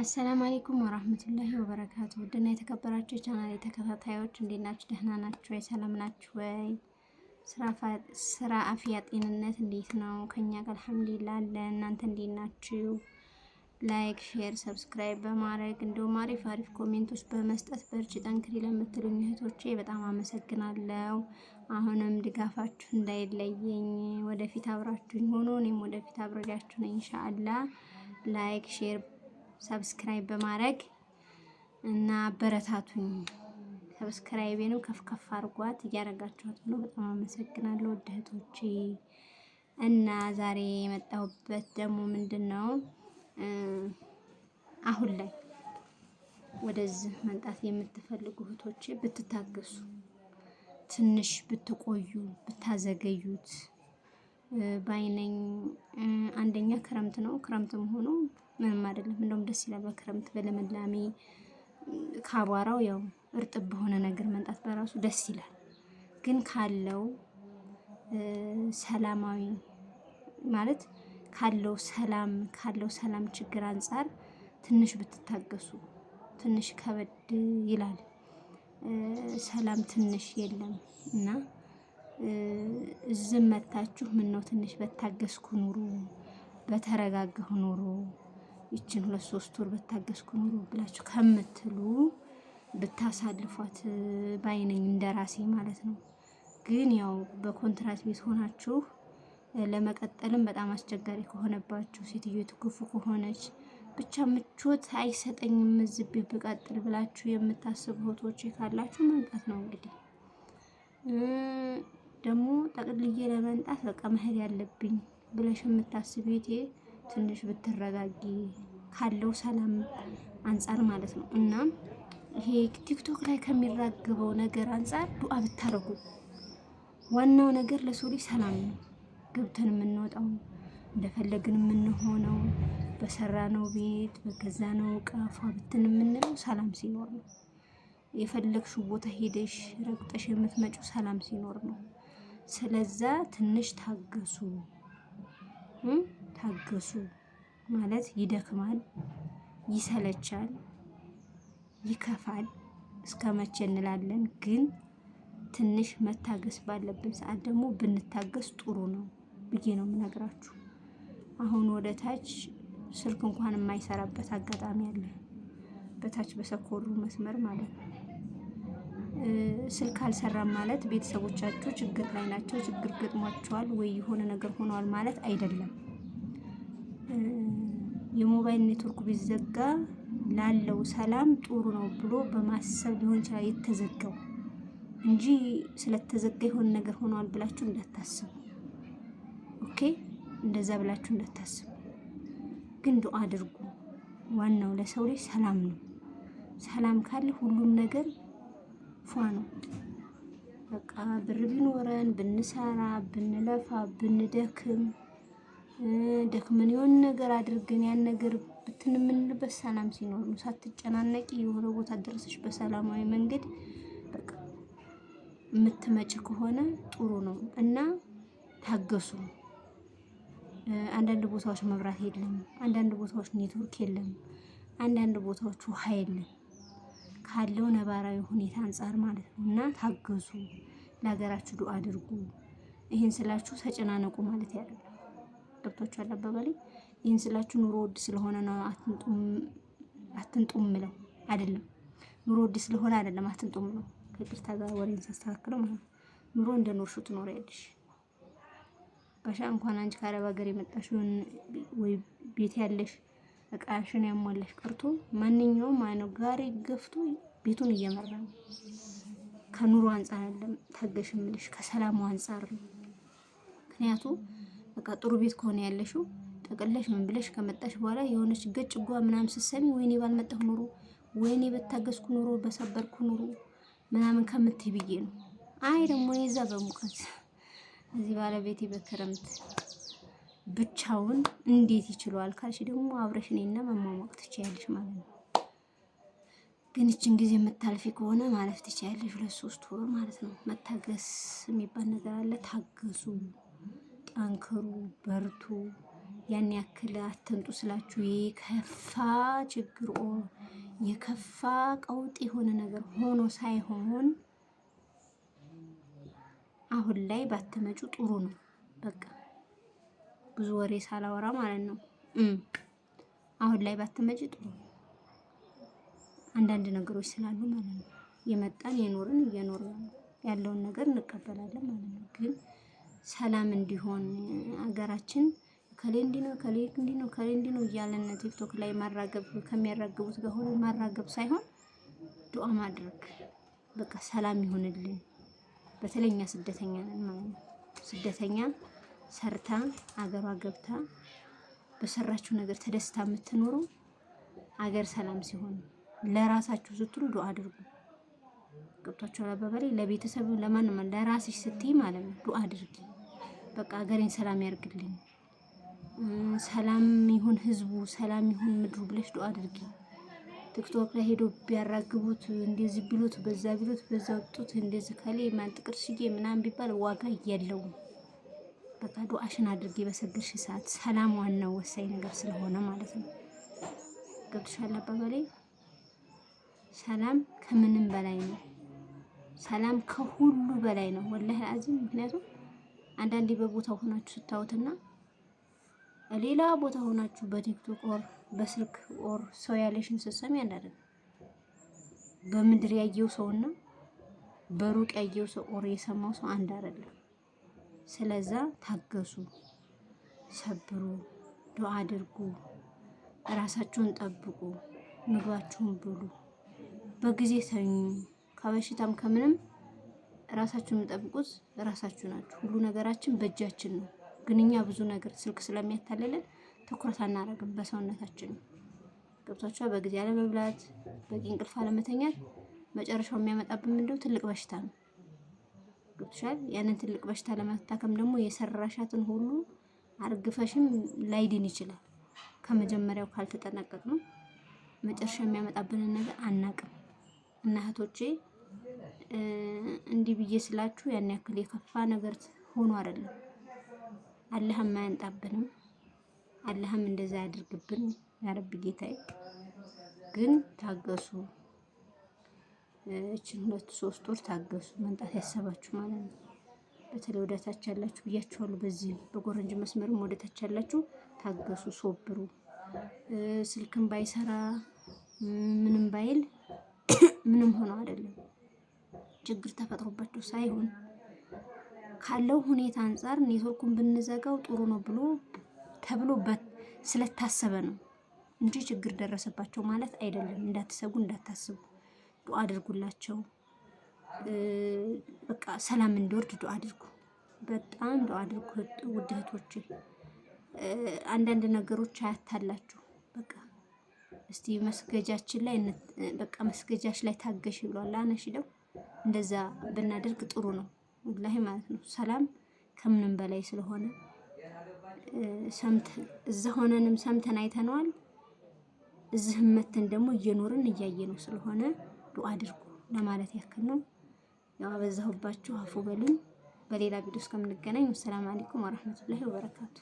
አሰላም አለይኩም ወራህመቱላሂ ወበረካቱ። ውድና የተከበራችሁ የቻናል ተከታታዮች እንዴት ናችሁ? ደህና ናችሁ ወይ? ሰላም ናችሁ ወይ? ስራ፣ አፍያ፣ ጤንነት እንዴት ነው? ከኛ ጋር አልሐምዱሊላህ አለ። እናንተ እንዴት ናችሁ? ላይክ፣ ሼር፣ ሰብስክራይብ በማድረግ እንዲሁም አሪፍ አሪፍ ኮሜንቶች በመስጠት በርቺ፣ ጠንክሪ ለምትሉኝ እህቶቼ በጣም አመሰግናለሁ። አሁንም ድጋፋችሁ እንዳይለየኝ፣ ወደፊት አብራችሁኝ ሆኖ እኔም ወደፊት አብሬያችሁ ነኝ ኢንሻአላህ። ላይክ ሼር ሰብስክራይብ በማድረግ እና አበረታቱኝ። ሰብስክራይቤንም ከፍ ከፍ አድርጓት እያደረጋችኋት ነው። በጣም አመሰግናለሁ ውድ እህቶቼ። እና ዛሬ የመጣሁበት ደግሞ ምንድን ነው አሁን ላይ ወደዚህ መምጣት የምትፈልጉ እህቶቼ ብትታገሱ፣ ትንሽ ብትቆዩ፣ ብታዘገዩት ባይነኝ። አንደኛ ክረምት ነው። ክረምትም ሆኖ ምንም አይደለም። እንደውም ደስ ይላል። በክረምት በለመላሚ ካቧራው ያው እርጥብ በሆነ ነገር መንጣት በራሱ ደስ ይላል። ግን ካለው ሰላማዊ ማለት ካለው ሰላም ካለው ሰላም ችግር አንጻር ትንሽ ብትታገሱ ትንሽ ከበድ ይላል። ሰላም ትንሽ የለም እና እዝም መታችሁ ምን ነው ትንሽ በታገስኩ ኑሩ፣ በተረጋጋሁ ኑሩ ይችን ሁለት ሶስት ወር በታገስኩ ኑሮ ብላችሁ ከምትሉ ብታሳልፏት ባይነኝ እንደራሴ ማለት ነው። ግን ያው በኮንትራት ቤት ሆናችሁ ለመቀጠልም በጣም አስቸጋሪ ከሆነባችሁ፣ ሴትዮ ትጉፉ ከሆነች ብቻ ምቾት አይሰጠኝም እዚህ ቤት ብቀጥል ብላችሁ የምታስቡ ሆቶች ካላችሁ መምጣት ነው እንግዲህ ደግሞ ጠቅልዬ ለመምጣት በቃ መሄድ ያለብኝ ብለሽ የምታስብ ቤቴ ትንሽ ብትረጋጊ ካለው ሰላም አንጻር ማለት ነው። እና ይሄ ቲክቶክ ላይ ከሚራግበው ነገር አንጻር ዱአ ብታረጉ ዋናው ነገር ለሰው ልጅ ሰላም ነው። ገብተን የምንወጣው እንደፈለግን የምንሆነው በሰራ ነው ቤት በገዛነው ነው ፏ ብትን የምንለው ሰላም ሲኖር ነው። የፈለግሽው ቦታ ሄደሽ ረግጠሽ የምትመጩ ሰላም ሲኖር ነው። ስለዛ ትንሽ ታገሱ። ታገሱ ማለት ይደክማል፣ ይሰለቻል፣ ይከፋል። እስከ መቼ እንላለን? ግን ትንሽ መታገስ ባለብን ሰዓት ደግሞ ብንታገስ ጥሩ ነው ብዬ ነው የምነግራችሁ። አሁን ወደ ታች ስልክ እንኳን የማይሰራበት አጋጣሚ አለ። በታች በሰኮሩ መስመር ማለት ነው። ስልክ አልሰራም ማለት ቤተሰቦቻችሁ ችግር ላይ ናቸው፣ ችግር ገጥሟቸዋል ወይ የሆነ ነገር ሆነዋል ማለት አይደለም። የሞባይል ኔትወርክ ቢዘጋ ላለው ሰላም ጥሩ ነው ብሎ በማሰብ ሊሆን ይችላል የተዘጋው እንጂ ስለተዘጋ የሆነ ነገር ሆኗል ብላችሁ እንዳታስቡ። ኦኬ፣ እንደዛ ብላችሁ እንዳታስቡ። ግን ዱአ አድርጉ። ዋናው ለሰው ልጅ ሰላም ነው። ሰላም ካለ ሁሉም ነገር ፏ ነው። በቃ ብር ቢኖረን ብንሰራ፣ ብንለፋ፣ ብንደክም ደክመን የሆን ነገር አድርገን ያን ነገር ብትን የምንልበት ሰላም ሲኖር ነው። ሳትጨናነቂ የሆነ ቦታ ደረሰች በሰላማዊ መንገድ በቃ የምትመጪ ከሆነ ጥሩ ነው እና ታገሱ። አንዳንድ ቦታዎች መብራት የለም፣ አንዳንድ ቦታዎች ኔትወርክ የለም፣ አንዳንድ ቦታዎች ውሃ የለም። ካለው ነባራዊ ሁኔታ አንጻር ማለት ነው እና ታገሱ፣ ለሀገራችሁ ዱአ አድርጉ። ይህን ስላችሁ ተጨናነቁ ማለት ያለ ገብቷችኋል? አባባሌ ይህን ስላችሁ ኑሮ ውድ ስለሆነ ነው አትንጡም ምለው አይደለም። ኑሮ ውድ ስለሆነ አይደለም አትንጡም ምለው፣ ከቅርታ ጋር ወሬን ሳስተካክለው ማለት ነው። ኑሮ እንደ ኖርሹ ትኖሪያለሽ። ባሻ እንኳን አንቺ ከአረብ ሀገር የመጣሽ ወይ ቤት ያለሽ እቃሽን ያሟላሽ ቀርቶ ማንኛውም አይነው ጋሪ ገፍቶ ቤቱን እየመራ ነው። ከኑሮ አንጻር አይደለም ታገሽ ምልሽ፣ ከሰላሙ አንጻር ነው ምክንያቱ በቃ ጥሩ ቤት ከሆነ ያለሽው ጠቅለሽ ምን ብለሽ ከመጣሽ በኋላ የሆነች ገጭ ጓ ምናምን ስትሰሚ ወይኔ ባልመጣሁ ኑሮ ወይኔ በታገዝኩ ኑሮ በሰበርኩ ኑሮ ምናምን ከምትይ ብዬ ነው። አይ ደግሞ የዛ በሙቀት እዚህ ባለቤቴ በክረምት ብቻውን እንዴት ይችሏል ካልሽ ደግሞ አብረሽ እኔና መሟሟቅ ትችያለሽ ማለት ነው። ግን እችን ጊዜ የምታልፊ ከሆነ ማለፍ ትችያለሽ፣ ሁለት ሶስት ወር ማለት ነው። መታገስ የሚባል ነገር አለ። ታገሱ ጠንክሩ፣ በርቱ። ያን ያክል አትንጡ ስላችሁ የከፋ ችግር የከፋ ቀውጥ የሆነ ነገር ሆኖ ሳይሆን አሁን ላይ ባትመጩ ጥሩ ነው። በቃ ብዙ ወሬ ሳላወራ ማለት ነው። አሁን ላይ ባትመጪ ጥሩ ነው። አንዳንድ ነገሮች ስላሉ ማለት ነው። የመጣን የኖርን እየኖርን ያለውን ነገር እንቀበላለን ማለት ነው ግን ሰላም እንዲሆን አገራችን ከሌ እንዲኖ ከሌ ከሌ እንዲኖ እያለን ቲክቶክ ላይ ማራገብ ከሚያራግቡት ጋር ሆኖ ማራገብ ሳይሆን ዱዓ ማድረግ በቃ ሰላም ይሆንልን። በተለይ እኛ ስደተኛ ነን ማለት ነው። ስደተኛ ሰርታ አገሯ ገብታ በሰራችሁ ነገር ተደስታ የምትኖሩ አገር ሰላም ሲሆን ለራሳችሁ ስትሉ ዱዓ አድርጉ። ገብቷችሁ አባባሪ ለቤተሰብ ለማንም ለራስሽ ስትይ ማለት ነው ዱዓ አድርጊ። በቃ ሀገሬን ሰላም ያርግልኝ፣ ሰላም ይሁን ህዝቡ፣ ሰላም ይሁን ምድሩ ብለሽ ዱአ አድርጊ። ቲክቶክ ላይ ሄዶ ቢያራግቡት እንደዚህ ቢሉት በዛ ቢሉት በዛ ወጡት እንደዚህ ከሌ ማን ጥቅር ሽዬ ምናምን ቢባል ዋጋ እያለው በቃ ዱአሽን አድርጊ። በሰግርሽ ሰዓት ሰላም ዋናው ወሳኝ ነገር ስለሆነ ማለት ነው። ገብቶሻል አባባሌ? ሰላም ከምንም በላይ ነው። ሰላም ከሁሉ በላይ ነው። ወላሂ አዚም ምክንያቱም አንዳንዴ በቦታው ሆናችሁ ስታዩትና ሌላ ቦታ ሆናችሁ በቲክቶክ ኦር በስልክ ኦር ሰው ያለሽን ስትሰሚ በምድር ያየው ሰውና በሩቅ ያየው ሰው ኦር የሰማው ሰው አንድ አይደለም። ስለዛ ታገሱ፣ ሰብሩ፣ ዱዓ አድርጉ፣ ራሳችሁን ጠብቁ፣ ምግባችሁን ብሉ፣ በጊዜ ተኙ፣ ከበሽታም ከምንም ራሳችሁን የምጠብቁት ራሳችሁ ናችሁ። ሁሉ ነገራችን በእጃችን ነው። ግን እኛ ብዙ ነገር ስልክ ስለሚያታልለን ትኩረት አናደርግም በሰውነታችን ነው። ገብቷችኋል? በጊዜ አለመብላት፣ በቂ እንቅልፍ አለመተኛት መጨረሻው የሚያመጣብን ምንድነው? ትልቅ በሽታ ነው። ገብቶሻል? ያንን ትልቅ በሽታ ለመታከም ደግሞ የሰራሻትን ሁሉ አርግፈሽም ላይድን ይችላል። ከመጀመሪያው ካልተጠናቀቅ ነው መጨረሻ የሚያመጣብንን ነገር አናቅም እና እህቶቼ እንዲህ ብዬ ስላችሁ ያን ያክል የከፋ ነገር ሆኖ አይደለም። አላህም አያንጣብንም፣ አላህም እንደዛ ያድርግብን ያረብ ጌታዬ። ግን ታገሱ፣ እችን ሁለት ሶስት ወር ታገሱ። መምጣት ያሰባችሁ ማለት ነው። በተለይ ወደታች ያላችሁ ብያችኋለሁ። በዚህ በጎረንጅ መስመርም ወደታች ያላችሁ ታገሱ፣ ሶብሩ። ስልክም ባይሰራ ምንም ባይል ምንም ሆኖ አይደለም። ችግር ተፈጥሮባቸው ሳይሆን ካለው ሁኔታ አንጻር ኔትወርኩን ብንዘጋው ጥሩ ነው ብሎ ተብሎበት ስለታሰበ ነው እንጂ ችግር ደረሰባቸው ማለት አይደለም። እንዳትሰጉ፣ እንዳታስቡ። ዱአ አድርጉላቸው። በቃ ሰላም እንዲወርድ ዱአ አድርጉ። በጣም ዱአ አድርጉ ውድ እህቶቼ። አንዳንድ ነገሮች አያታላችሁ። በቃ እስቲ መስገጃችን ላይ በቃ መስገጃች ላይ ታገሽ ብሏል አነሽ ደው እንደዛ ብናደርግ ጥሩ ነው ወላሂ ማለት ነው። ሰላም ከምንም በላይ ስለሆነ እዛ ሆነንም ሰምተን አይተነዋል። እዚህ መተን ደግሞ እየኖርን እያየ ነው ስለሆነ ዱአ አድርጉ ለማለት ያክል ነው። ያው አበዛሁባችሁ፣ አፉ በሉኝ። በሌላ ቪዲዮ እስከምንገናኝ ወሰላም አለይኩም ወራህመቱላሂ ወበረካቱ።